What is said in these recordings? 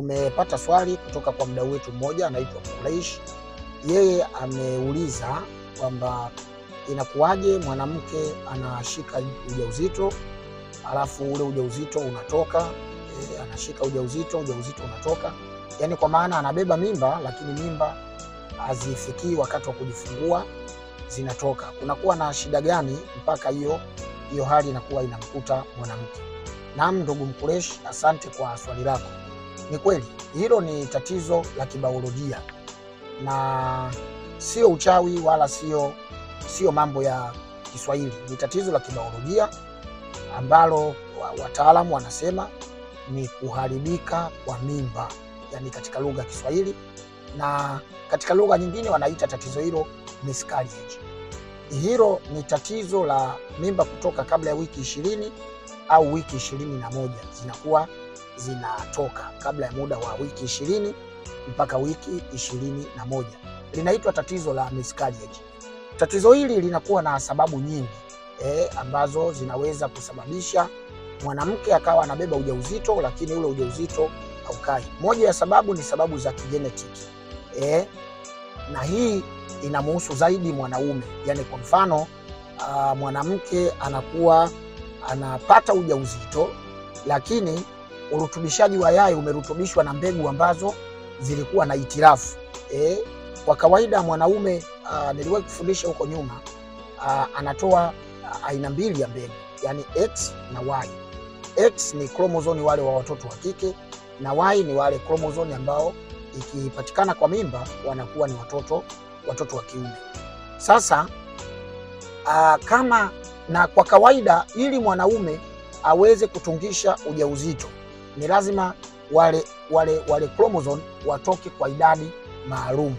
Tumepata swali kutoka kwa mdau wetu mmoja anaitwa Quraish. Yeye ameuliza kwamba inakuwaje mwanamke anashika ujauzito alafu ule ujauzito unatoka e, anashika ujauzito ujauzito unatoka, yaani kwa maana anabeba mimba lakini mimba hazifikii wakati wa kujifungua zinatoka. Kunakuwa na shida gani mpaka hiyo hiyo hali inakuwa inamkuta mwanamke? Naam, ndugu Mkureshi, asante kwa swali lako. Ni kweli hilo ni tatizo la kibaolojia na sio uchawi wala sio sio mambo ya Kiswahili, ni tatizo la kibaolojia ambalo wataalamu wanasema ni kuharibika kwa mimba, yani katika lugha ya Kiswahili, na katika lugha nyingine wanaita tatizo hilo miscarriage. Hilo ni tatizo la mimba kutoka kabla ya wiki ishirini au wiki ishirini na moja zinakuwa zinatoka kabla ya muda wa wiki ishirini mpaka wiki ishirini na moja. Linaitwa tatizo la miscarriage. Tatizo hili linakuwa na sababu nyingi e, ambazo zinaweza kusababisha mwanamke akawa anabeba ujauzito lakini ule ujauzito haukai. Moja ya sababu ni sababu za kijenetiki e, na hii inamuhusu zaidi mwanaume. Yani kwa mfano mwanamke anakuwa anapata ujauzito lakini urutubishaji wa yai umerutubishwa na mbegu ambazo zilikuwa na itirafu e. Kwa kawaida mwanaume uh, niliwahi kufundisha huko nyuma uh, anatoa uh, aina mbili ya mbegu yani X na Y. X ni kromozoni wale wa watoto wa kike na Y ni wale kromozoni ambao ikipatikana kwa mimba wanakuwa ni watoto watoto wa kiume. Sasa uh, kama na kwa kawaida ili mwanaume aweze kutungisha ujauzito ni lazima wale, wale, wale chromosome watoke kwa idadi maalum.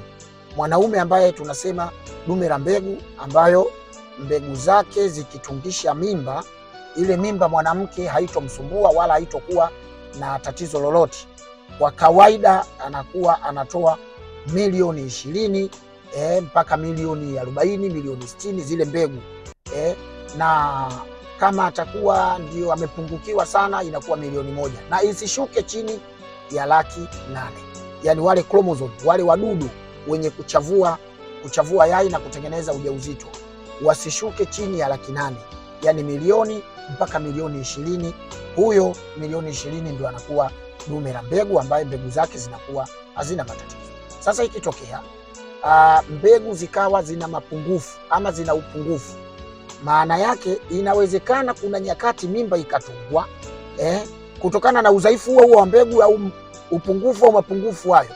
Mwanaume ambaye tunasema dume la mbegu, ambayo mbegu zake zikitungisha mimba, ile mimba mwanamke haitomsumbua wala haitokuwa na tatizo lolote. Kwa kawaida anakuwa anatoa milioni ishirini eh, mpaka milioni arobaini, milioni sitini zile mbegu eh, na kama atakuwa ndio amepungukiwa sana, inakuwa milioni moja na isishuke chini ya laki nane. Yani wale chromosome, wale wadudu wenye kuchavua kuchavua yai na kutengeneza ujauzito wasishuke chini ya laki nane, yani milioni mpaka milioni ishirini. Huyo milioni ishirini ndio anakuwa dume la mbegu ambaye mbegu zake zinakuwa hazina matatizo. Sasa ikitokea ah, mbegu zikawa zina mapungufu ama zina upungufu maana yake inawezekana kuna nyakati mimba ikatungwa eh, kutokana na udhaifu huo wa mbegu au upungufu au mapungufu hayo,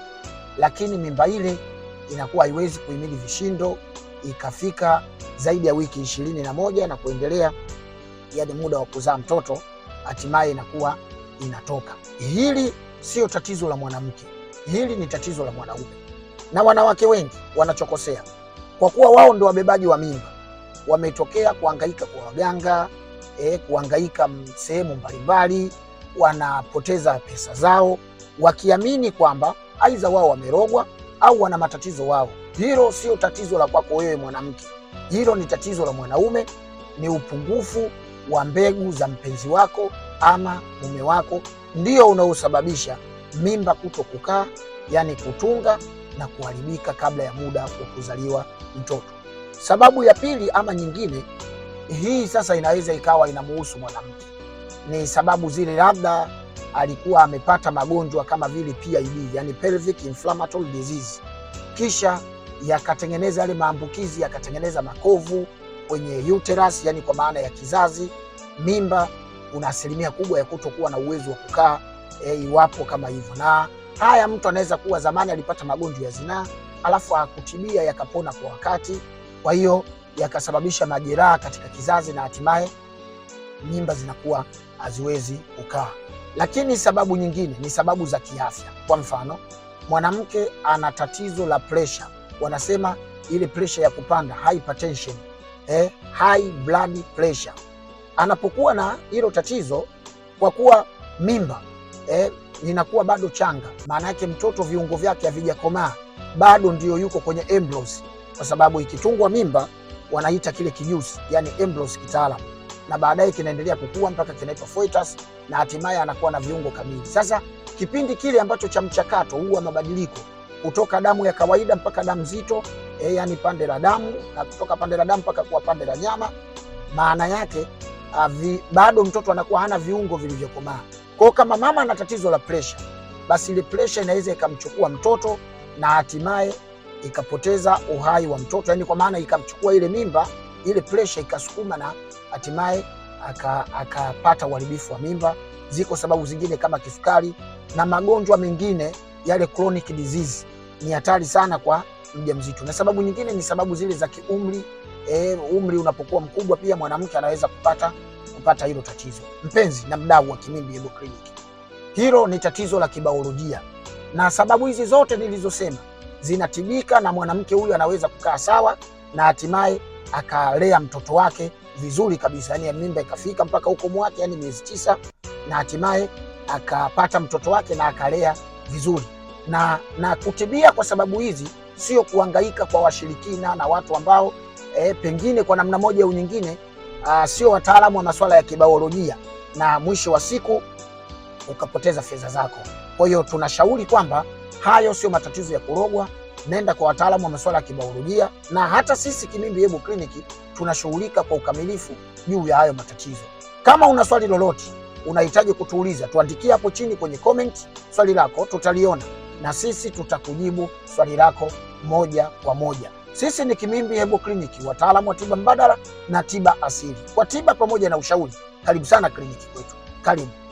lakini mimba ile inakuwa haiwezi kuhimili vishindo ikafika zaidi ya wiki ishirini na moja na kuendelea, yani muda wa kuzaa mtoto, hatimaye inakuwa inatoka. Hili sio tatizo la mwanamke, hili ni tatizo la mwanaume, na wanawake wengi wanachokosea kwa kuwa wao ndo wabebaji wa mimba wametokea kuhangaika kwa waganga eh, kuhangaika sehemu mbalimbali, wanapoteza pesa zao wakiamini kwamba aidha wao wamerogwa au wana matatizo wao. Hilo sio tatizo la kwako wewe mwanamke, hilo ni tatizo la mwanaume, ni upungufu wa mbegu za mpenzi wako ama mume wako ndio unaosababisha mimba kuto kukaa, yani kutunga na kuharibika kabla ya muda wa kuzaliwa mtoto. Sababu ya pili ama nyingine, hii sasa inaweza ikawa inamuhusu mwanamke, ni sababu zile labda alikuwa amepata magonjwa kama vile PID, yani pelvic inflammatory disease, kisha yakatengeneza yale maambukizi, yakatengeneza makovu kwenye uterus, yani kwa maana ya kizazi, mimba. Kuna asilimia kubwa ya kutokuwa na uwezo wa kukaa e, iwapo kama hivyo. Na haya mtu anaweza kuwa zamani alipata magonjwa ya zinaa alafu akutibia yakapona kwa wakati kwa hiyo yakasababisha majeraha katika kizazi na hatimaye mimba zinakuwa haziwezi kukaa. Lakini sababu nyingine ni sababu za kiafya. Kwa mfano, mwanamke ana tatizo la presha, wanasema ile presha ya kupanda, hypertension, eh, high blood pressure. Anapokuwa na hilo tatizo, kwa kuwa mimba eh, inakuwa bado changa, maana yake mtoto viungo vyake havijakomaa bado, ndio yuko kwenye embryos kwa sababu ikitungwa mimba wanaita kile kijusi, yani embryos kitaalam, na baadaye kinaendelea kukua mpaka kinaitwa foetus na hatimaye anakuwa na viungo kamili. Sasa kipindi kile ambacho cha mchakato huwa mabadiliko kutoka damu ya kawaida mpaka damu nzito e, yani pande la damu na kutoka pande la damu mpaka kuwa pande la nyama. Maana yake avi, ah, bado mtoto anakuwa hana viungo vilivyokomaa. Kwa kama mama ana tatizo la presha, basi ile presha inaweza ikamchukua mtoto na hatimaye ikapoteza uhai wa mtoto, yani kwa maana ikamchukua ile mimba, ile pressure ikasukuma, na hatimaye akapata uharibifu wa mimba. Ziko sababu zingine kama kisukari na magonjwa mengine yale chronic disease, ni hatari sana kwa mjamzito. Na sababu nyingine ni sababu zile za kiumri. E, umri unapokuwa mkubwa pia mwanamke anaweza kupata kupata hilo tatizo. Mpenzi na mdau wa Kimimbi Herbal Clinic, hilo ni tatizo la kibaolojia, na sababu hizi zote nilizosema zinatibika na mwanamke huyu anaweza kukaa sawa na hatimaye akalea mtoto wake vizuri kabisa, yani mimba ikafika mpaka huko mwake, yani miezi tisa, na hatimaye akapata mtoto wake na akalea vizuri na, na kutibia kwa sababu hizi sio kuangaika kwa washirikina na watu ambao e, pengine kwa namna moja au nyingine ah, sio wataalamu wa masuala ya kibaolojia, na mwisho wa siku ukapoteza fedha zako. Kwa hiyo tunashauri kwamba Hayo sio matatizo ya kurogwa, nenda kwa wataalamu wa masuala ya kibaolojia, na hata sisi Kimimbi Herbal Clinic tunashughulika kwa ukamilifu juu ya hayo matatizo. Kama una swali lolote unahitaji kutuuliza, tuandikie hapo chini kwenye comment swali lako, tutaliona na sisi tutakujibu swali lako moja kwa moja. Sisi ni Kimimbi Herbal Clinic, wataalamu wa tiba mbadala na tiba asili, kwa tiba pamoja na ushauri. Karibu sana kliniki kwetu, karibu.